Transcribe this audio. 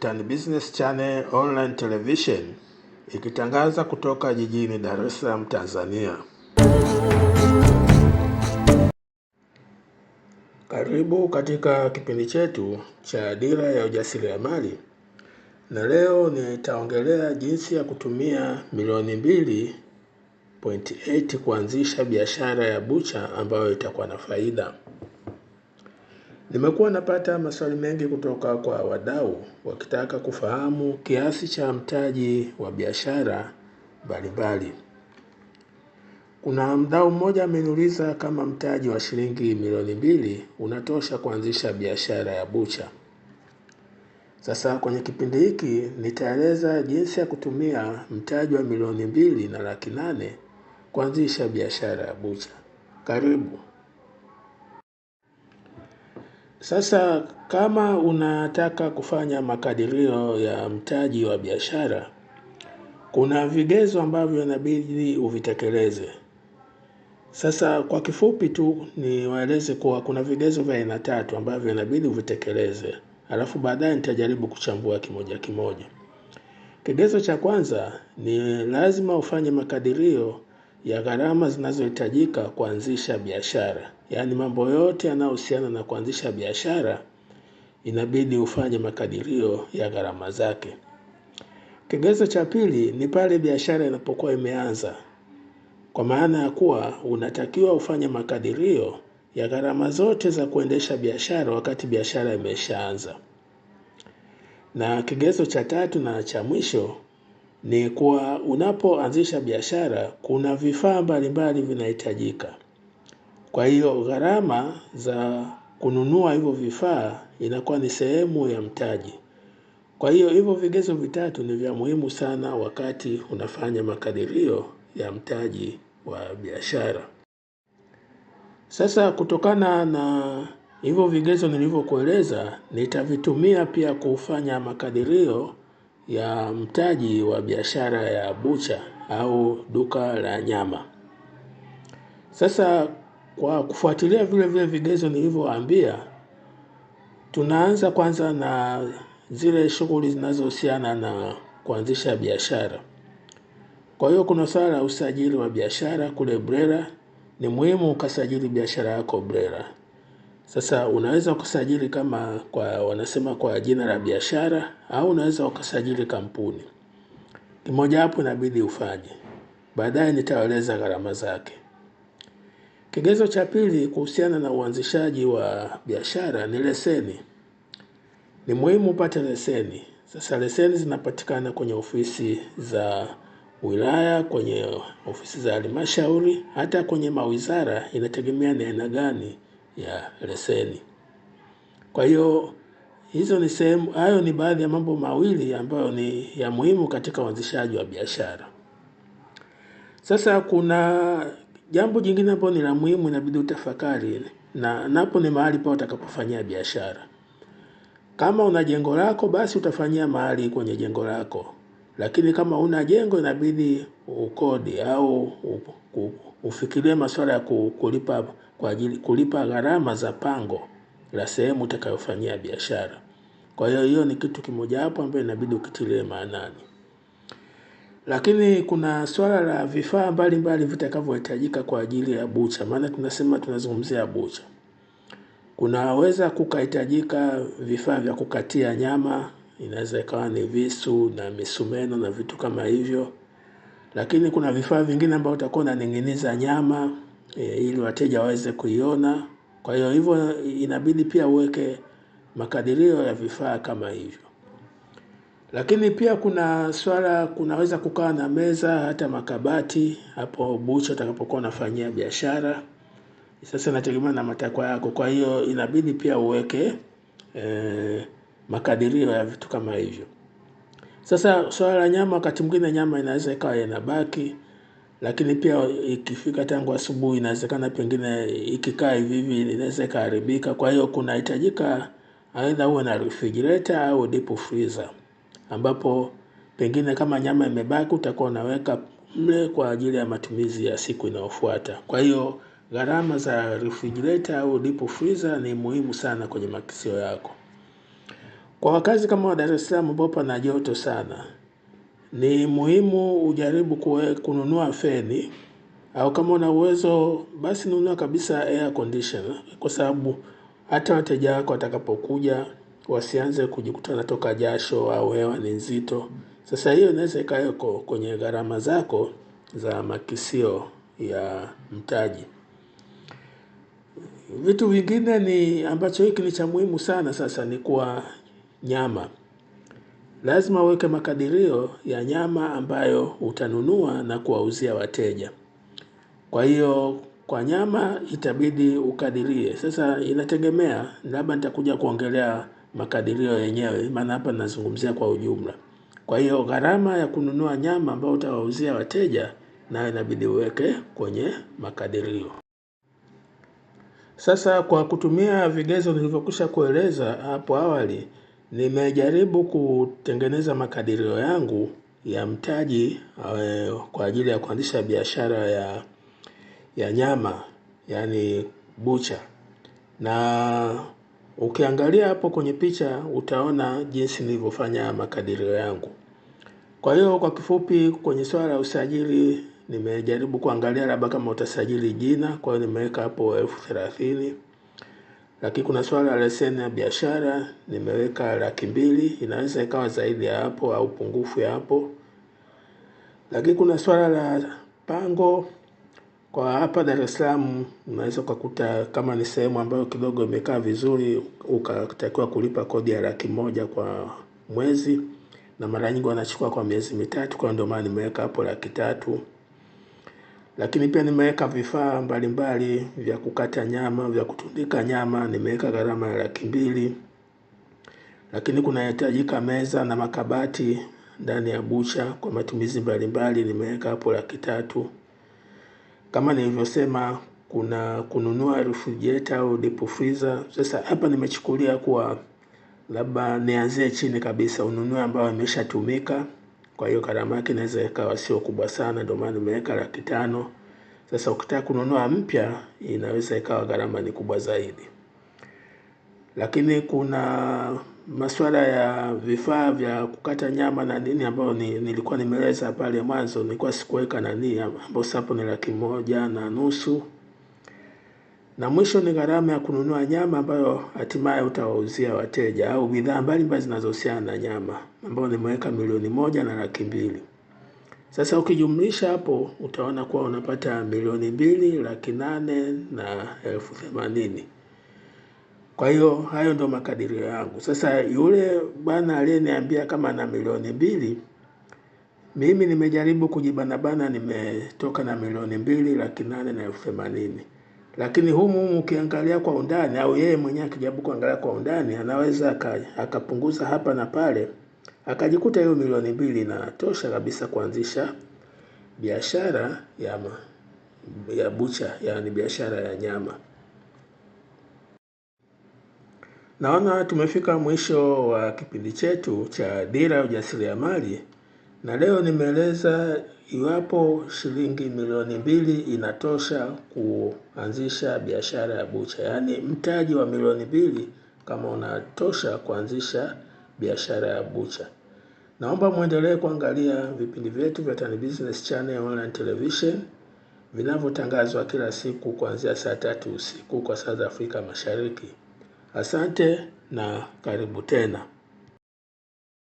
Tan Business Channel Online Television ikitangaza kutoka jijini Dar es Salaam, Tanzania. Karibu katika kipindi chetu cha Dira ya Ujasiriamali, na leo nitaongelea jinsi ya kutumia milioni mbili pointi kuanzisha biashara ya bucha ambayo itakuwa na faida. Nimekuwa napata maswali mengi kutoka kwa wadau wakitaka kufahamu kiasi cha mtaji wa biashara mbalimbali. Kuna mdau mmoja ameniuliza kama mtaji wa shilingi milioni mbili unatosha kuanzisha biashara ya bucha. Sasa kwenye kipindi hiki nitaeleza jinsi ya kutumia mtaji wa milioni mbili na laki nane kuanzisha biashara ya bucha. Karibu. Sasa kama unataka kufanya makadirio ya mtaji wa biashara, kuna vigezo ambavyo inabidi uvitekeleze. Sasa kwa kifupi tu niwaeleze kuwa kuna vigezo vya aina tatu ambavyo inabidi uvitekeleze, alafu baadaye nitajaribu kuchambua kimoja kimoja. Kigezo cha kwanza ni lazima ufanye makadirio ya gharama zinazohitajika kuanzisha biashara. Yaani mambo yote yanayohusiana na kuanzisha biashara inabidi ufanye makadirio ya gharama zake. Kigezo cha pili ni pale biashara inapokuwa imeanza, kwa maana ya kuwa unatakiwa ufanye makadirio ya gharama zote za kuendesha biashara wakati biashara imeshaanza. Na kigezo cha tatu na cha mwisho ni kuwa unapoanzisha biashara kuna vifaa mbalimbali vinahitajika. Kwa hiyo gharama za kununua hivyo vifaa inakuwa ni sehemu ya mtaji. Kwa hiyo hivyo vigezo vitatu ni vya muhimu sana wakati unafanya makadirio ya mtaji wa biashara. Sasa kutokana na hivyo vigezo nilivyokueleza nitavitumia pia kufanya makadirio ya mtaji wa biashara ya bucha au duka la nyama. Sasa kwa kufuatilia vile vile vigezo nilivyowaambia, tunaanza kwanza na zile shughuli zinazohusiana na kuanzisha biashara. Kwa hiyo kuna swala la usajili wa biashara kule BRELA. Ni muhimu ukasajili biashara yako BRELA. Sasa unaweza ukasajili kama kwa wanasema kwa jina la biashara au unaweza ukasajili kampuni. Kimoja hapo inabidi ufanye. Baadaye nitaeleza gharama zake. Kigezo cha pili kuhusiana na uanzishaji wa biashara ni leseni. Ni muhimu upate leseni. Sasa leseni zinapatikana kwenye ofisi za wilaya, kwenye ofisi za halmashauri, hata kwenye mawizara inategemea ni aina gani ya leseni. Kwa hiyo hizo ni sehemu, hayo ni baadhi ya mambo mawili ambayo ni ya muhimu katika uanzishaji wa biashara. Sasa kuna jambo jingine ambalo ni la muhimu, inabidi utafakari na napo ni mahali pa utakapofanyia biashara. Kama una jengo lako, basi utafanyia mahali kwenye jengo lako. Lakini kama una jengo inabidi ukodi au ufikirie masuala ya kulipa kwa ajili kulipa gharama za pango la sehemu utakayofanyia biashara. Kwa hiyo hiyo ni kitu hapo ambayo inabidi ukitilie maanani. Lakini kuna swala la vifaa mbalimbali vitakavyohitajika kwa ajili ya bucha. Maana tunasema tunazungumzia bucha. Kunaweza kukahitajika vifaa vya kukatia nyama inaweza ikawa ni visu na misumeno na vitu kama hivyo. Lakini kuna vifaa vingine ambavyo utakuwa unaning'iniza nyama e, ili wateja waweze kuiona. Kwa hiyo hivyo inabidi pia uweke makadirio ya vifaa kama hivyo. Lakini pia kuna swala, kunaweza kukaa na meza hata makabati hapo bucha utakapokuwa unafanyia biashara. Sasa inategemea na matakwa yako. Kwa hiyo inabidi pia uweke eh, makadirio ya vitu kama hivyo. Sasa swala la nyama, wakati mwingine nyama inaweza ikawa inabaki, lakini pia ikifika tangu asubuhi, inawezekana pengine ikikaa hivi hivi inaweza ikaharibika. Kwa hiyo kunahitajika aidha uwe na refrigerator au deep freezer, ambapo pengine kama nyama imebaki utakuwa unaweka mle kwa ajili ya matumizi ya siku inayofuata. Kwa hiyo gharama za refrigerator au deep freezer ni muhimu sana kwenye makisio yako. Kwa wakazi kama wa Dar es Salaam ambao pana joto sana, ni muhimu ujaribu kue, kununua feni au kama una uwezo basi nunua kabisa air conditioner, kwa sababu hata wateja wako watakapokuja wasianze kujikuta toka jasho au hewa ni nzito. Sasa hiyo inaweza ikaweko kwenye gharama zako za makisio ya mtaji. Vitu vingine ni ambacho hiki ni cha muhimu sana sasa ni kuwa nyama. Lazima uweke makadirio ya nyama ambayo utanunua na kuwauzia wateja. Kwa hiyo kwa nyama itabidi ukadirie. Sasa inategemea labda nitakuja kuongelea makadirio yenyewe maana hapa nazungumzia kwa ujumla. Kwa hiyo gharama ya kununua nyama ambayo utawauzia wateja nayo inabidi uweke kwenye makadirio. Sasa kwa kutumia vigezo nilivyokwisha kueleza hapo awali Nimejaribu kutengeneza makadirio yangu ya mtaji eh, kwa ajili ya kuanzisha biashara ya nyama, yani bucha. Na ukiangalia hapo kwenye picha utaona jinsi nilivyofanya makadirio yangu. Kwa hiyo kwa kifupi kwenye swala la usajili nimejaribu kuangalia labda kama utasajili jina kwa hiyo nimeweka hapo elfu thelathini. Lakini kuna swala la leseni ya biashara nimeweka laki mbili, inaweza ikawa zaidi ya hapo au pungufu ya hapo. Lakini kuna swala la pango kwa hapa Dar es Salaam unaweza ukakuta kama ni sehemu ambayo kidogo imekaa vizuri, ukatakiwa kulipa kodi ya laki moja kwa mwezi, na mara nyingi wanachukua kwa miezi mitatu, kwa ndio maana nimeweka hapo laki tatu. Lakini pia nimeweka vifaa mbalimbali vya kukata nyama, vya kutundika nyama, nimeweka gharama ya laki mbili. Lakini kunahitajika meza na makabati ndani ya bucha kwa matumizi mbalimbali nimeweka hapo laki tatu. Kama nilivyosema kuna kununua refrigerator au deep freezer. Sasa hapa nimechukulia kuwa labda nianzie chini kabisa ununue ambayo imeshatumika kwa hiyo gharama yake inaweza ikawa sio kubwa sana, ndio maana nimeweka laki tano. Sasa ukitaka kununua mpya inaweza ikawa gharama ni kubwa zaidi. Lakini kuna masuala ya vifaa vya kukata nyama na nini ambayo ni, nilikuwa nimeleza pale mwanzo nilikuwa sikuweka nani ambao sapo ni laki moja na nusu na mwisho ni gharama ya kununua nyama ambayo hatimaye utawauzia wateja au bidhaa mbalimbali zinazohusiana na nyama ambayo nimeweka milioni moja na laki mbili. Sasa ukijumlisha hapo utaona kuwa unapata milioni mbili laki nane na elfu themanini. Kwa hiyo hayo ndio makadirio yangu. Sasa yule bwana aliyeniambia kama na milioni mbili, mimi nimejaribu kujibanabana, nimetoka na milioni mbili laki nane na elfu themanini. Lakini humu humu ukiangalia kwa undani au yeye mwenyewe akijaribu kuangalia kwa undani anaweza akapunguza hapa na pale akajikuta hiyo milioni mbili inatosha kabisa kuanzisha biashara ya, ya bucha yani biashara ya nyama. Naona tumefika mwisho wa kipindi chetu cha Dira ya Ujasiriamali na leo nimeeleza iwapo shilingi milioni mbili inatosha kuanzisha biashara ya bucha, yaani mtaji wa milioni mbili kama unatosha kuanzisha biashara ya bucha. Naomba mwendelee kuangalia vipindi vyetu vya Tan Business Channel Online Television vinavyotangazwa kila siku kuanzia saa tatu usiku kwa saa za Afrika Mashariki. Asante na karibu tena.